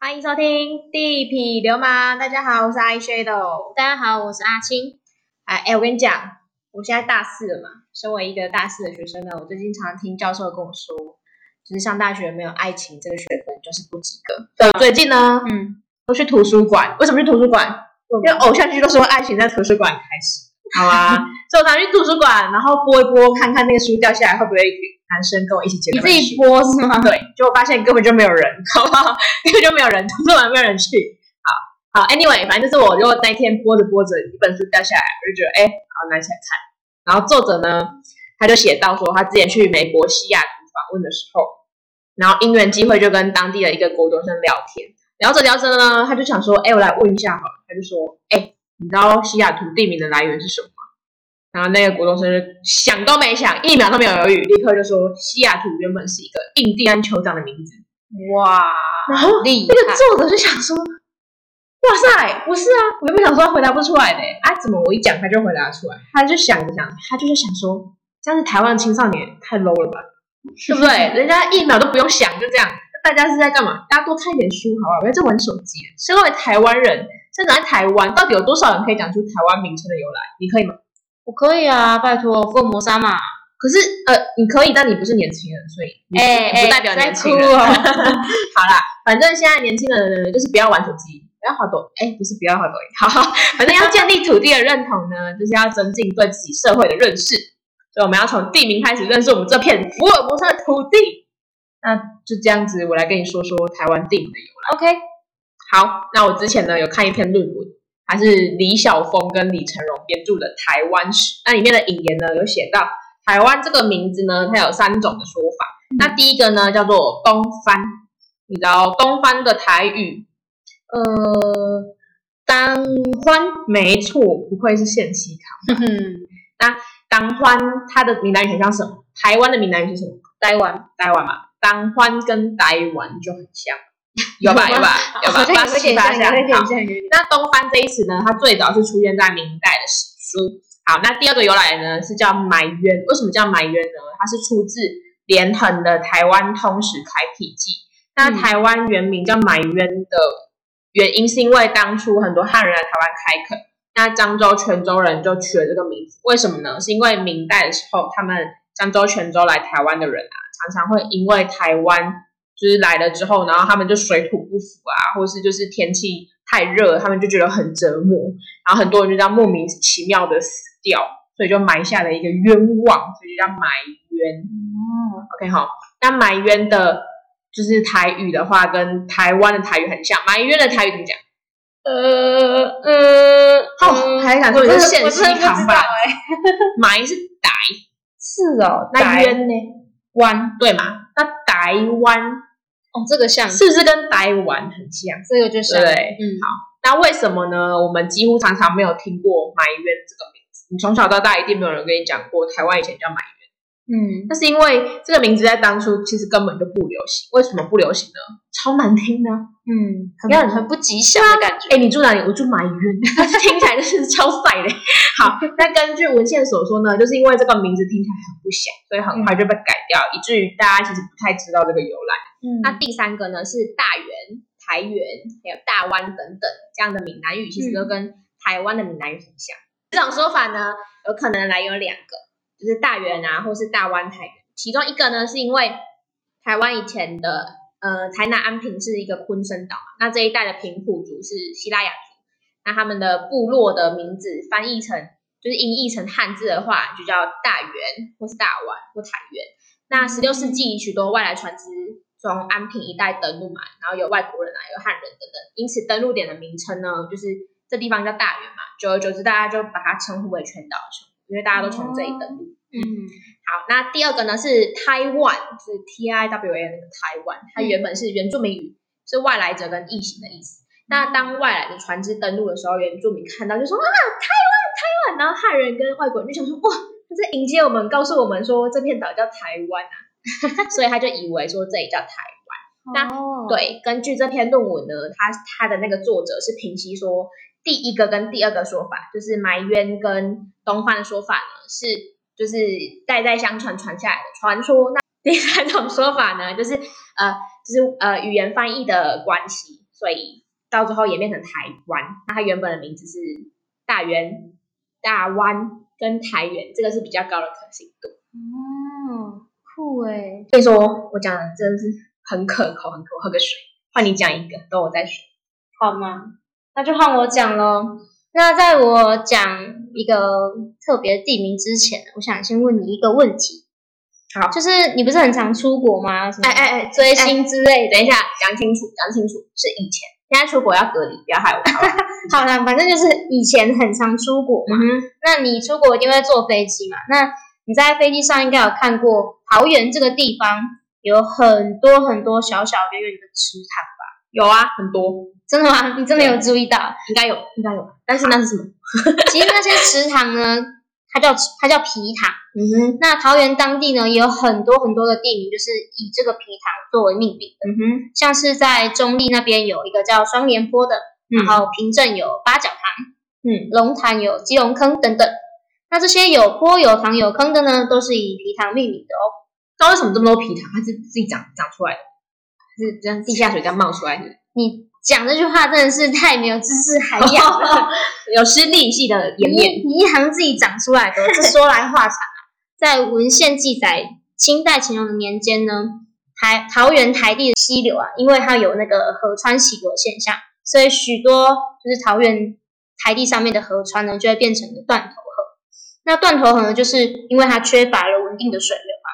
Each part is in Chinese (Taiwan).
歡迎收聽《地痞流氓》，大家好，我是 I Shadow。大家好，我是阿青。哎哎、欸，我跟你講，我現在大四了嘛。身為一個大四的學生呢，我最近常聽教授的跟我說，就是上大學沒有愛情這個學分就是不及格。對，最近呢，嗯，都去圖書館。為什麼去圖書館？嗎因為偶像劇都是說愛情在圖書館開始。好啊，就 我常去圖書館，然後播一播，看看那個書掉下來會不會男生跟我一起撿。你自己播是嗎？對，結果發現根本就沒有人，好不好？根本就沒有人，圖書館沒有人去。好，好，Anyway，反正就是我，就那天播着播着，一本書掉下來，我就覺得，哎、欸，好拿起來看。然後作者呢，他就寫到說，他之前去美國西雅圖訪問的時候，然後因緣機會就跟當地的一個國中生聊天，聊着聊着呢，他就想說，哎、欸，我來問一下好了。他就說，哎、欸。你知道西雅圖地名的來源是什麼嗎？然後那個國中生就想都沒想，一秒都沒有猶豫，立刻就說：“西雅圖原本是一個印第安酋長的名字。”哇，然後厲害！那個作者就想說：“哇塞，不是啊，我原本想說他回答不出來的。哎、啊，怎麼我一講他就回答出來？他就想一想，他就是想說，這樣台灣青少年太 low 了吧，是是是對不對？人家一秒都不用想，就這樣。”大家是在幹嘛？大家多看一點書，好不好？別在玩手機。身為台灣人，生長在台灣，到底有多少人可以講出台灣名稱的由來？你可以嗎？我可以啊，拜托，福爾摩沙嘛。可是，呃，你可以，但你不是年輕人，所以哎哎，不代表年輕人。欸欸、 好啦，反正現在年輕人就是不要玩手機，不要滑抖哎，不是不要滑抖音，好，反正要建立土地的認同呢，就是要增進對自己社會的認識。所以我們要從地名開始認識我們這片福爾摩沙的土地。那、啊。是這樣子，我來跟你說說台灣地名的由來。OK，好，那我之前呢，有看一篇論文，它是李曉峰跟李成榮編著的《台灣史》，那裡面的引言呢，有寫到，台灣這個名字呢，它有三種的說法。嗯、那第一個呢叫做東番。你知道東番的台語，呃，當歡，沒錯，不愧是現西考。哼哼，那當歡他的閩南語很像什麼？台灣的閩南語是什麼？台灣，台灣嘛，啊。當歡跟呆玩就很像，有吧有吧有吧，可以可以可那東番這一詞呢，它最早是出現在明代的史書。好，那第二個由來呢是叫埋冤，為什麼叫埋冤呢？它是出自連橫的《台灣通史開闢記》。那台灣原名叫埋冤的原因，是因為當初很多漢人來台灣開墾，那漳州、泉州人就取了這個名字。為什麼呢？是因為明代的時候，他們漳州、泉州來台灣的人啊。常常會因為台灣就是來了之後，然後他們就水土不服啊，或是就是天氣太熱，他們就覺得很折磨，然後很多人就這樣莫名其妙的死掉，所以就埋下了一個冤枉，所以就叫埋冤。嗯、OK，好，那埋冤的就是台語的話，跟台灣的台語很像。埋冤的台語怎麼講、呃？呃呃，好、哦，還想說錯了，現實真不知道埋、欸、是歹，是哦，那冤呢？代欸灣對嗎？那台灣哦，這個像是不是跟台灣很像？這個就是對，嗯，好。那為什麼呢？我們幾乎常常沒有聽過“埋怨”這個名字。你從小到大一定沒有人跟你講過台灣以前叫“埋怨”，嗯，那是因為這個名字在當初其實根本就不流行。為什麼不流行呢？超難聽的、啊，嗯，給人很不吉祥的感覺。哎、欸，你住哪裡？我住“埋怨”，聽起來就是超帥的。好，那 根據文獻所說呢，就是因為這個名字聽起來很不祥，所以很快就被改。以至於大家其實不太知道這個由來。嗯、那第三個呢是大員、台員，還有大灣等等這樣的閩南語，其實都跟台灣的閩南語很像。嗯、這種說法呢，有可能來有兩個，就是大員啊，或是大灣、台員。其中一個呢是因為台灣以前的呃台南安平是一個鯤鯓島，那這一帶的平埔族是西拉雅族，那他們的部落的名字翻譯成就是音譯成漢字的話，就叫大員，或是大灣，或台員。那十六世紀，許多外來船只從安平一帶登陸嘛，然後有外國人啊，有漢人等等，因此登陸點的名稱呢，就是這地方叫大員嘛。久而久之，大家就把它稱呼為全島城，因為大家都從這裡登陸，哦。嗯，好，那第二個呢是 Taiwan，是 T I W A 那個 Taiwan，它原本是原住民語，是外來者跟異形的意思。嗯、那當外來的船只登陸的時候，原住民看到就說啊 Taiwan Taiwan，然後漢人跟外國人就想說哇。就是迎接我們，告訴我們說這片島叫台灣啊， 所以他就以為說這裡叫台灣。Oh. 那對，根據這篇論文呢，他他的那個作者是評析說，第一個跟第二個說法，就是埋冤跟東番的說法呢，是就是代代相傳傳下來的傳說。那第三種說法呢，就是呃，就是呃語言翻譯的關係，所以到最後演變成台灣。那它原本的名字是大員大灣，跟台原，這個是比較高的可信度。哦，酷誒、欸、所以說，我講的真的是很可口，很可口。喝個水，換你講一個，等我再說，好嗎？那就換我講嘍。那在我講一個特別地名之前，我想先問你一個問題。好，就是你不是很常出國嗎？哎哎哎，追星之類。哎、等一下，講清楚，講清楚，是以前。現在出國要隔離，不要害我。 好啦，反正就是以前很常出國嘛。嗯、哼那你出國一定會坐飛機嘛？那你在飛機上應該有看過桃園這個地方有很多很多小小遠遠的池塘吧？有啊，很多。真的嗎？你真的沒有注意到？對應該有，應該有。但是那是什麼？啊、其實那些池塘呢？ 它叫它叫埤塘，嗯哼。那桃園當地呢，也有很多很多的地名，就是以這個埤塘作為命名的，嗯哼。像是在中壢那邊有一個叫雙連坡的，嗯、然後平鎮有八角塘，嗯，龍潭有基隆坑等等。那這些有坡有塘有坑的呢，都是以埤塘命名的哦。那為什麼這麼多埤塘？它是自己長長出來的，是這樣地下水這樣冒出來的？你你、嗯。講這句話真的是太沒有知識涵養了，還要 有失力系的顏面。你一行自己講出來的，這說來話長啊。在文獻記載，清代乾隆年間呢，台桃園台地的溪流啊，因為它有那個河川襲奪現象，所以許多就是桃園台地上面的河川呢，就會變成斷頭河。那斷頭河呢就是因為它缺乏了穩定的水流啊。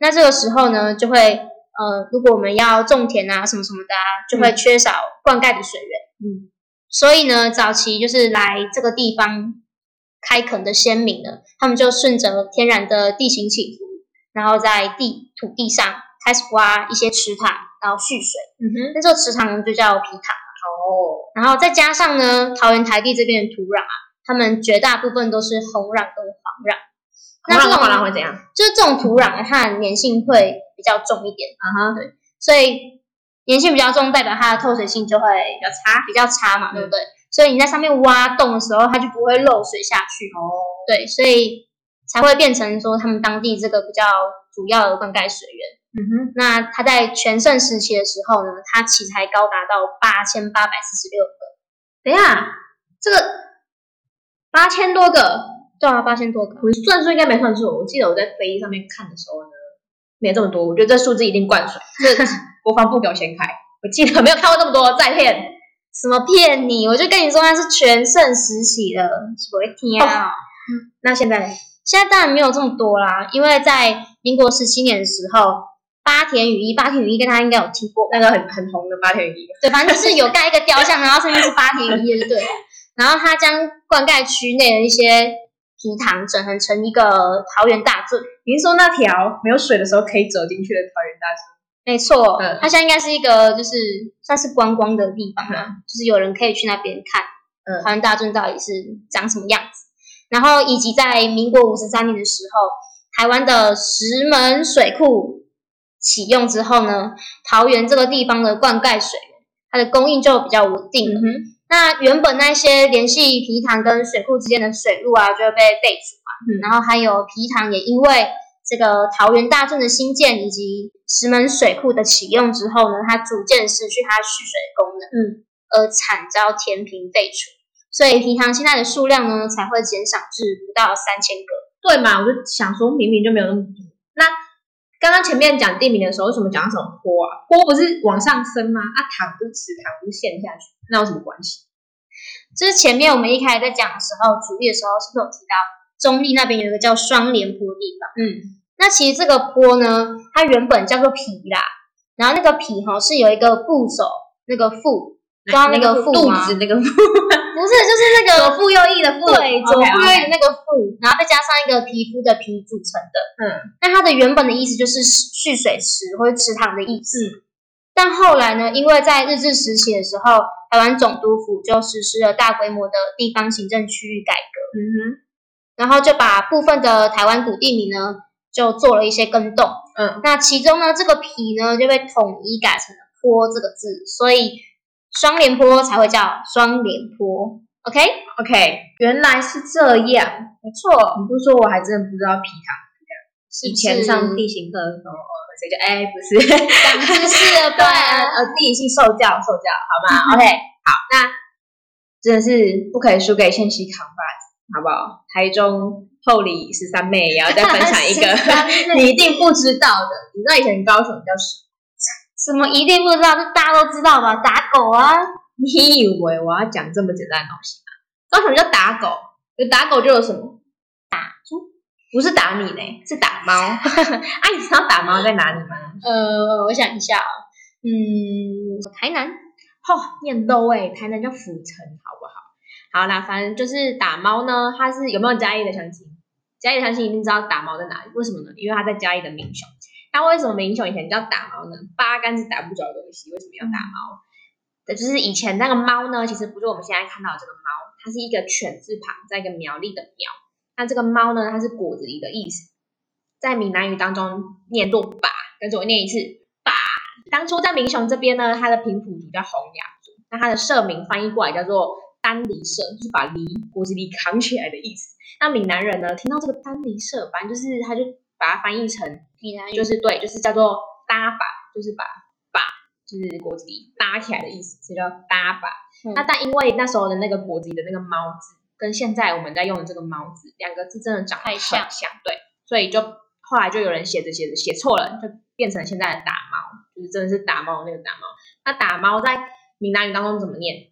那這個時候呢，就會。呃，如果我們要種田啊，什麼什麼的啊，就會缺少灌溉的水源。嗯，所以呢，早期就是來這個地方開墾的先民呢，他們就順着天然的地形起伏，然後在地土地上開始挖一些池塘，然後蓄水。嗯哼，那時候池塘就叫陂塘。哦，然後再加上呢，桃園台地這邊的土壤啊，他們絕大部分都是紅壤的。那這種土壤會怎樣？就是這種土壤的話，粘性會比較重一點啊哈，對、嗯，所以粘性比較重，代表它的透水性就會比較差，嗯、比較差嘛，對不對？所以你在上面挖洞的時候，它就不會漏水下去哦。對，所以才會變成說他們當地這個比較主要的灌溉水源。嗯哼，那它在全盛時期的時候呢，它其實還高達到八千八百四十六個。等一下，這個八千多個。對啊，八千多，我算數應該沒算錯。我記得我在飛機上面看的時候呢，沒這麼多。我覺得這數字一定灌水，是國防部給我先開。我記得沒有看過這麼多在騙，什麼騙你？我就跟你說他是全盛時期的。我的天啊！哦、那現在，現在當然沒有這麼多啦，因為在民國十七年的時候，八田與一，八田與一跟他應該有提過那個很很紅的八田與一。對，反正就是有蓋一個雕像， 然後上面是八田與一 對，然後他將灌溉區內的一些。陂塘整合成一個桃園大圳。您說那條沒有水的時候可以走進去的桃園大圳，沒錯錯，嗯、它現在應該是一個就是算是觀光的地方，嗯、就是有人可以去那邊看桃園大圳到底是長什麼樣子。嗯、然後以及在民國五十三年的時候，台灣的石門水庫啟用之後呢，嗯、桃園這個地方的灌溉水它的供應就比較穩定。嗯哼那原本那些聯繫陂塘跟水庫之間的水路啊，就被廢除嘛。嗯，然後還有陂塘也因為這個桃園大圳的興建以及石門水庫的啟用之後呢，它逐漸失去它蓄水功能，嗯，而慘遭填平廢除。所以陂塘現在的數量呢，才會減少至不到三千個。對嘛。我就想說明明就沒有那麼多。剛剛前面講地名的時候，為什麼講什麼坡啊？坡不是往上升嗎？那、啊、塘不是池塘，不陷下去，那有什麼關係？就是前面我們一開始在講的時候，舉例的時候，是不是有提到中壢那邊有一個叫雙連坡地方？嗯，那其實這個坡呢，它原本叫做皮啦，然後那個皮哈是有一個部首，那個腹，抓來那個腹肚子那個腹。不是，就是那個左阜右邑的阜，左阜對右邑的那個阜，然後再加上一個皮膚的皮組成的。嗯，那它的原本的意思就是蓄水池或者池塘的意思。嗯、但後來呢，因為在日治時期的時候，台灣總督府就實施了大規模的地方行政區域改革。嗯哼，然後就把部分的台灣古地名呢，就做了一些更動。嗯，那其中呢，這個“陂”呢就被統一改成了“坡”這個字，所以。雙連坡才會叫雙連坡。o k OK，, okay 原來是這樣，沒錯錯。你不是說，我還真的不知道皮卡這？這以前上地形課的時候，這個哎不是講知識的吧？呃，地理系受教受教，好嗎？嗯、哼 o、okay, k 好，那真的是不可以輸給千璽扛把子，好不好？台中后里十三妹也要再分享一個 你一定不知道的，你知道以前高雄叫什麼？什麼一定不知道？這大家都知道吧？打狗啊！你以為我要講這麼簡單的東西嗎？那什麼叫打狗？有打狗就有什麼？打豬？不是打你嘞，是打貓。 啊，你知道打貓在哪裡嗎？呃，我想一下哦。嗯，台南。哦，念叨誒台南叫府城，好不好？好啦，那反正就是打貓呢，它是有沒有嘉義的鄉親？嘉義的鄉親一定知道打貓在哪裡，為什麼呢？因為它在嘉義的民雄。那為什麼民雄以前叫打貓呢？八竿子打不着的東西，為什麼要打貓？就是以前那個貓呢，其實不是我們現在看到的這個貓，它是一個犬字旁再一個苗栗的苗。那這個貓呢，它是果子狸的意思，在閩南語當中念作把。跟着我念一次，把。當初在民雄這邊呢，它的平埔族叫洪雅族，那它的社名翻譯過來叫做單梨社，就是把梨果子梨扛起來的意思。那閩南人呢，聽到這個單梨社，反正就是他就。把它翻譯成，就是對，就是叫做搭把、就是、把,把，就是把把，就是果子裡搭起來的意思，所以叫搭把。嗯、那但因為那時候的那個果子裡的那個貓字，跟現在我們在用的這個貓字，兩個字真的長得像太像,像，對，所以就後來就有人寫着寫着寫錯了，就變成了現在的打貓，就是真的是打貓那個打貓。那打貓在閩南語當中怎麼念？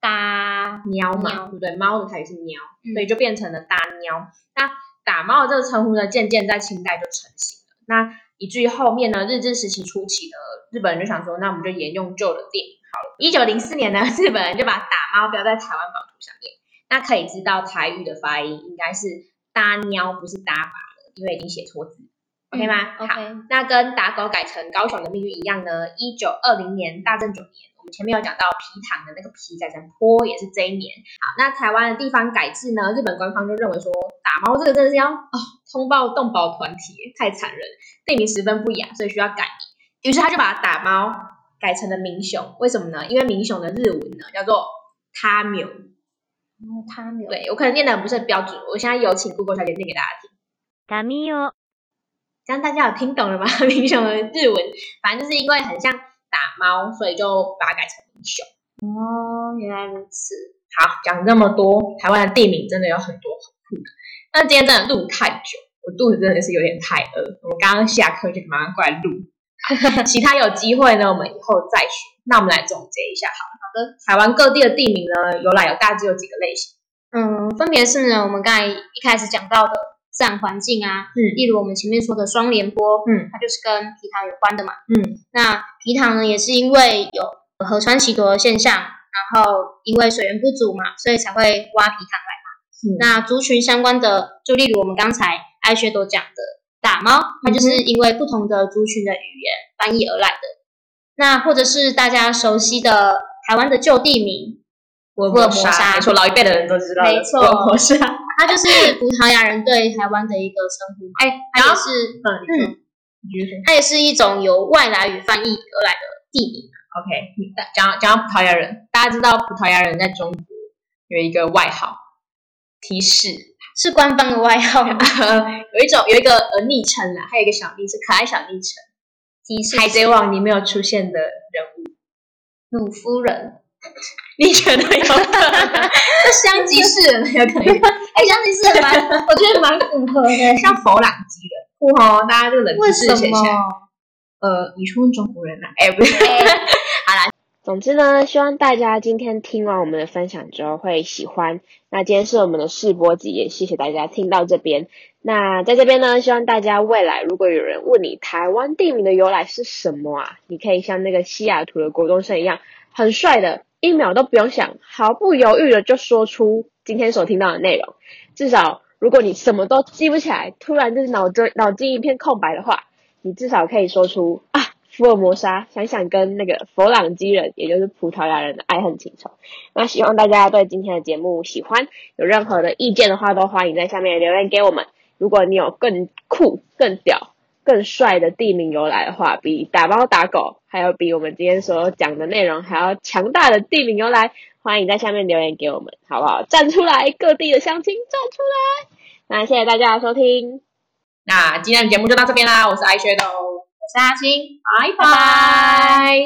搭喵嘛，對不喵對？貓的台語是喵，嗯、所以就變成了搭喵。那打貓這個稱呼呢，漸漸在清代就成型了。那以至於後面呢，日治時期初期呢，日本人就想說，那我們就沿用舊的地名好了。一九零四年呢，日本人就把打貓標在台灣版圖上面。那可以知道台語的發音應該是打喵，不是打把，的，因為已經寫錯字、嗯、，OK 嗎？好，okay. 那跟打狗改成高雄的命運一樣呢，一九二零年大正九年。前面有講到皮糖的那個皮改成坡也是這一年啊。那台灣的地方改制呢，日本官方就認為說，打貓這個真的是要啊通報動保團體，太殘忍，地名十分不雅，所以需要改名。於是他就把打貓改成了民雄，為什麼呢？因為民雄的日文呢叫做他喵，哦、他喵，對我可能念的不是很標準，我現在有請 Google 小姐念給大家聽。他喵，這樣大家有聽懂了嗎？民雄的日文，反正就是因為很像。打貓，所以就把它改成民雄。哦，原來如此。好，講那麼多，台灣的地名真的有很多很酷的。那今天真的錄太久，我肚子真的是有點太餓。我剛剛下課就馬上過來錄， 其他有機會呢，我們以後再說。那我們來總結一下，好的好的，台灣各地的地名呢，由來有大致有幾個類型，嗯，分別是呢，我們剛才一開始講到的自然環境啊，嗯，例如我們前面說的雙連陂，嗯，它就是跟陂塘有關的嘛，嗯，那。皮塘呢，也是因為有河川襲奪的現象，然後因為水源不足嘛，所以才會挖皮塘來嘛。嗯、那族群相關的，就例如我們剛才艾雪朵講的大“打貓、嗯哼”，它就是因為不同的族群的語言翻譯而來的。那或者是大家熟悉的台灣的舊地名“福爾摩沙”，沒錯，老一輩的人都知道沒錯錯，摩沙殺，它就是葡萄牙人對台灣的一個稱呼。哎、欸，還有就是嗯。它也是一種由外來語翻譯而來的地名。OK，講講到葡萄牙人，大家知道葡萄牙人在中國有一個外號，提示，是官方的外號、 啊，有一種有一個呃昵稱啦，還有一個小昵稱可愛小昵稱提示。海賊王裡面有出現的人物魯夫人， 你覺得沒有？那 香吉士有可能，哎、欸，香吉士蠻，是我覺得蠻符合的，像佛朗機的。哦，大家這冷知識是呃，你去問中國人吶、啊。哎、欸，不 好啦，總之呢，希望大家今天聽完我們的分享之後會喜歡。那今天是我們的試播集，也謝謝大家聽到這邊。那在這邊呢，希望大家未來如果有人問你台灣地名的由來是什麼啊，你可以像那個西雅圖的國中生一樣，很帥的一秒都不用想，毫不猶豫的就說出今天所聽到的內容，至少。如果你什麼都記不起來，突然就是腦子腦筋一片空白的話，你至少可以說出啊，福爾摩沙，想想跟那個佛朗機人，也就是葡萄牙人的愛恨情仇。那希望大家對今天的節目喜歡，有任何的意見的話，都歡迎在下面留言給我們。如果你有更酷、更屌、更帥的地名由來的話，比打貓打狗，還有比我們今天所講的內容還要強大的地名由來。歡迎在下面留言給我們，好不好？站出來，各地的鄉親站出來。那謝謝大家的收聽，那今天的節目就到這邊啦。我是艾學的哦，我是阿星，拜拜 bye。Bye bye